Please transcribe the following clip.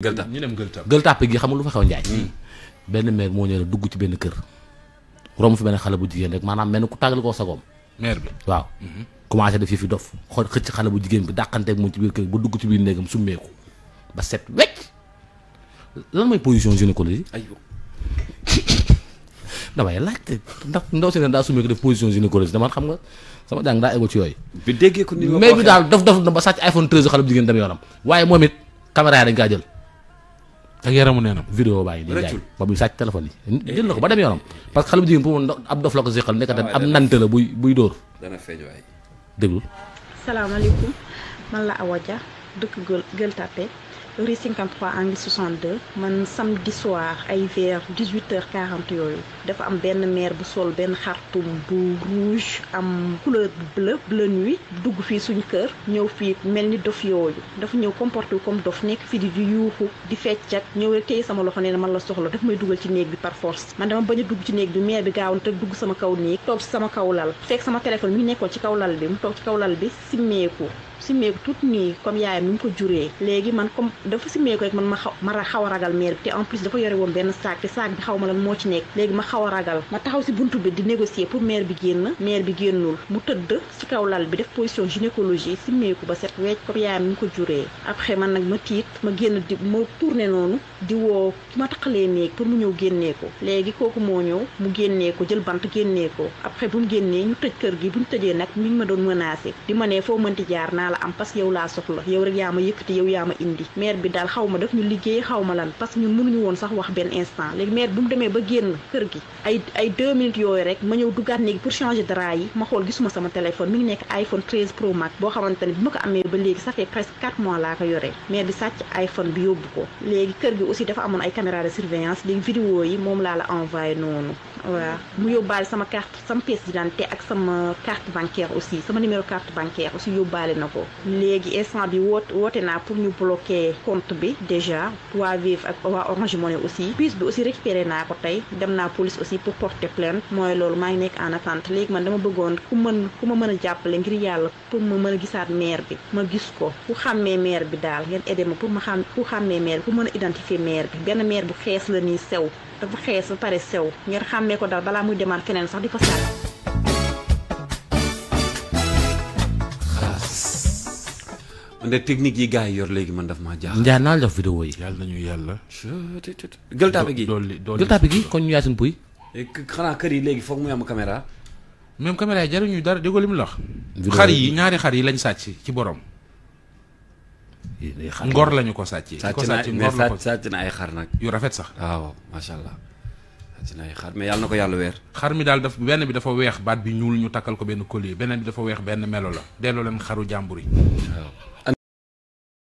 ñu dem gël tàpp gël tàpp gi xamul lu fa xew njaay hmm. benn maire moo ñëw dugg ci benn kër romb fi benn xale bu jigéen rek maanaam mel ku tàggal koo sagoom maire bi waaw hmm. commencé def fi dof xool xëcc xale bu jigéen bi dàqanteeg moom ci biir kër ba dugg ci biir néegam summeeku ba set wecc lan mooy position gynécologie ayo damay laajte ndax ndaw si ne daa summeeku def position gynécologie dama xam nga sama jàng daa égul ci yooyu bi déggee ko bi daal dof dof na ba sàcc iPhone 13 xale bu jigéen dem yoonam waaye moom it caméra yi dañ kaa jël ak yaramu neenam vidéo bàyyi di jaay ba muy sàcc téléphone yi eh, jël na ko ba dem yoonam eh. parce que xale bu jigéen pour moom ab dof la ko seqal nekkate ah, ab nante la buy buy dóor dana feeñ man la Awa Dia dëkk Gueule Tapée rue 53 angle 62 man samedi soir ay vers 18h40 yooyu dafa am ben maire bu sol ben bu rouge am couleur bleu bleu nuit dugg fi suñ keur ñew fi melni dof yooyu dafa ñew comporté comme dof nek fi di yuuxu di fecc ak ñëw rek sama loxo nee man la soxla daf may dugal ci neeg bi par force man dama bañ dugg ci neeg bi maire bi gaawoon te dugg sama kaw néeg tok sama kaw lal fek sama téléphone mi nekkoon ci kaw lal bi mu tok ci kaw lal bi ko simmeeku tout nii comme yaayam ni mu ko juree léegi man comme dafa simmeeku rek man ma xaw ma xaw a ragal meer bi te en plus dafa yore woon benn saak te saak bi xaw ma lan moo ci nekk léegi ma xaw a ma taxaw si buntu bi di négocier pour meer bi génn meer bi génnul mu tëdd si kaw lal bi def position gynécologie simmeeku ba set wecc comme yaayam ni ko juree après man nag ma tiit ma génn di ma tourné noonu di woo ki ma taxalee néeg pour mu ñëw génnee ko léegi kooku moo ñëw mu génnee ko jël bant génnee ko après bu mu génnee ñu tëj kër gi bu tëjee nag mi ngi ma doon menacé di ma ne foo mënti jaar naa naa la am parce que yow laa ba génn kër gi ay ko amee ba bi sàcc iPhone bi yóbbu ko léegi kër gi aussi dafa amoon ay caméra de surveillance léegi vidéo yi moom laa la envoyé noonu waaw mu yóbbaale sama carte sama pièce d'identité ak sama carte bancaire aussi sama numéro carte bancaire aussi yóbbaale na ko ko léegi instant bi woot woote naa pour ñu bloquer compte bi déjà waa Wave ak waa Orange Money aussi puce bi aussi récupéré naa ko tey dem naa police aussi pour porter plainte mooy loolu maa ngi nekk en attente léegi man dama bëggoon ku mën ku ma mën a jàppale ngir yàlla pour ma mën a gisaat maire bi ma gis ko ku xàmmee maire bi daal ngeen aidé ma pour ma xam ku xàmmee maire bi pour mën a identifier maire bi benn maire bu xees la ni sew dafa xees ba pare sew ngeen xàmmee ko daal balaa muy demaat feneen sax di fa ndax technique yi gars yi yor léegi man daf maa jaaxal. Ndiaye naa la jox vidéo yi. yàlla nañu yàlla. gël taape gi doole doole gël gi kon ñu yaasin puy. Eh, xanaa kër yi léegi foog mu am caméra. même caméra yi jaruñu dara déggoo li mu la xar yi ñaari xar yi lañ sàcc ci borom. ngor lañu ko sàccee. sàcc na sàcc na ay xar nag. yu rafet sax. waaw macha allah. sàcc na ay xar mais yàlla na ko yàlla weer. xar mi daal daf benn bi dafa weex baat bi ñuul ñu takkal ko benn collier beneen bi dafa weex benn melo la delloo leen xaru jàmbur yi.